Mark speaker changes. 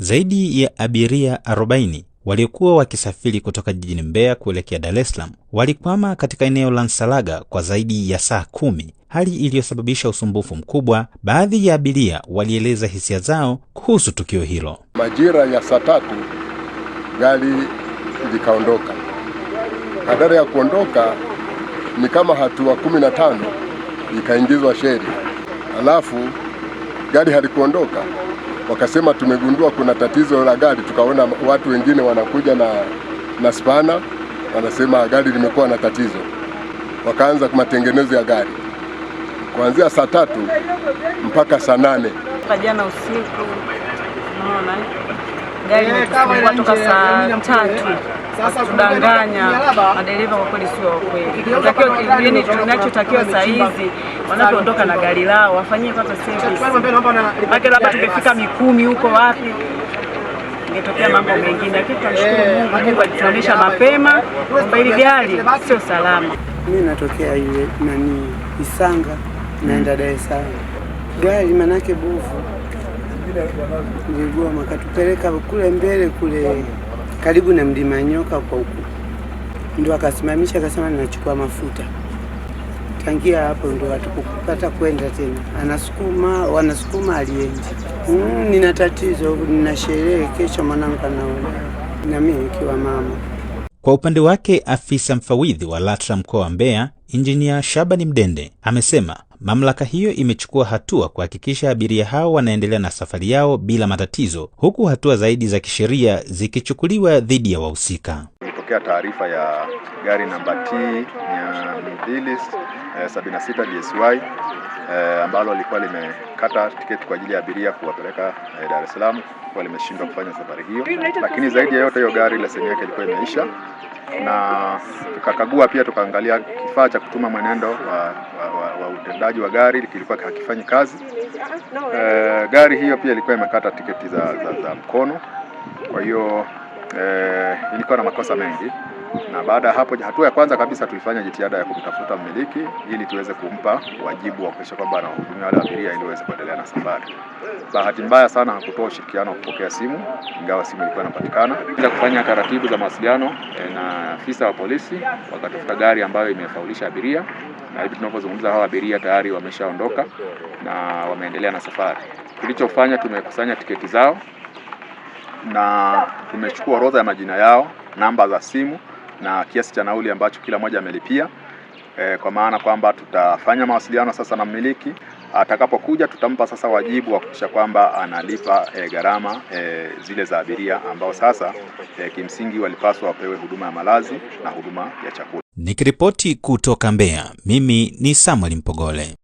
Speaker 1: Zaidi ya abiria 40 waliokuwa wakisafiri kutoka jijini Mbeya kuelekea Dar es Salaam walikwama katika eneo la Nsalaga kwa zaidi ya saa kumi, hali iliyosababisha usumbufu mkubwa. Baadhi ya abiria walieleza hisia zao kuhusu tukio hilo.
Speaker 2: Majira ya saa tatu gari likaondoka. Badala ya kuondoka ni kama hatua kumi na tano ikaingizwa sheri, alafu gari halikuondoka wakasema tumegundua kuna tatizo la gari, tukaona watu wengine wanakuja na, na spana wanasema gari limekuwa na tatizo, wakaanza matengenezo ya gari kuanzia saa tatu mpaka saa nane
Speaker 3: jana usiku. Unaona gari imetusumbua toka saa tatu kutudanganya madereva, kwa kweli sio kweli. Tunachotakiwa saa hizi wanapoondoka na gari lao wafanyie kwanza service, maana labda tumefika Mikumi huko wapi ingetokea mambo mengine, lakini tunashukuru eh, Mungu alituonesha mapema kwamba hili gari sio salama.
Speaker 4: Mimi natokea ile nani Isanga, naenda Dar es Salaam, gari manake bovu ligoma katupeleka kule mbele kule karibu na mlima Nyoka kwa huku, ndio akasimamisha akasema, ninachukua mafuta tangia hapo ndio hatukupata kwenda tena. Anasukuma, wanasukuma aliendi. Mm, nina tatizo, nina sherehe kesho, mwanangu anaona, na mimi nikiwa mama.
Speaker 1: Kwa upande wake, afisa mfawidhi wa LATRA mkoa wa Mbeya, Injinia Shabani Mdende, amesema mamlaka hiyo imechukua hatua kuhakikisha abiria hao wanaendelea na safari yao bila matatizo, huku hatua zaidi za kisheria zikichukuliwa dhidi ya wahusika.
Speaker 5: Taarifa ya gari namba T 200 76 eh, DSY eh, ambalo lilikuwa limekata tiketi kwa ajili ya abiria kuwapeleka eh, Dar es Salaam kwa limeshindwa kufanya safari hiyo, lakini zaidi ya yote hiyo gari leseni yake ilikuwa imeisha, na tukakagua pia tukaangalia kifaa cha kutuma mwenendo wa, wa, wa, wa utendaji wa gari kilikuwa hakifanyi kazi eh, gari hiyo pia ilikuwa imekata tiketi za, za, za mkono. Kwa hiyo eh, ilikuwa na makosa mengi na baada ya hapo, hatua ya kwanza kabisa tulifanya jitihada ya kumtafuta mmiliki ili tuweze kumpa wajibu wa kuhakikisha kwamba anawahudumia wale abiria ili waweze kuendelea na safari. Bahati mbaya sana hakutoa ushirikiano wa kupokea simu, ingawa simu ilikuwa inapatikana. Bila kufanya taratibu za mawasiliano eh, na afisa wa polisi, wakatafuta gari ambayo imefaulisha abiria, na hivi tunavyozungumza hawa abiria tayari wameshaondoka na wameendelea na safari. Tulichofanya, tumekusanya tiketi zao na tumechukua orodha ya majina yao, namba za simu na kiasi cha nauli ambacho kila mmoja amelipia e, kwa maana kwamba tutafanya mawasiliano sasa na mmiliki. Atakapokuja tutampa sasa wajibu wa kuhakikisha kwamba analipa e, gharama e, zile za abiria ambao sasa e, kimsingi walipaswa wapewe huduma ya malazi na huduma ya chakula.
Speaker 1: Nikiripoti kutoka Mbeya, mimi ni Samuel Mpogole.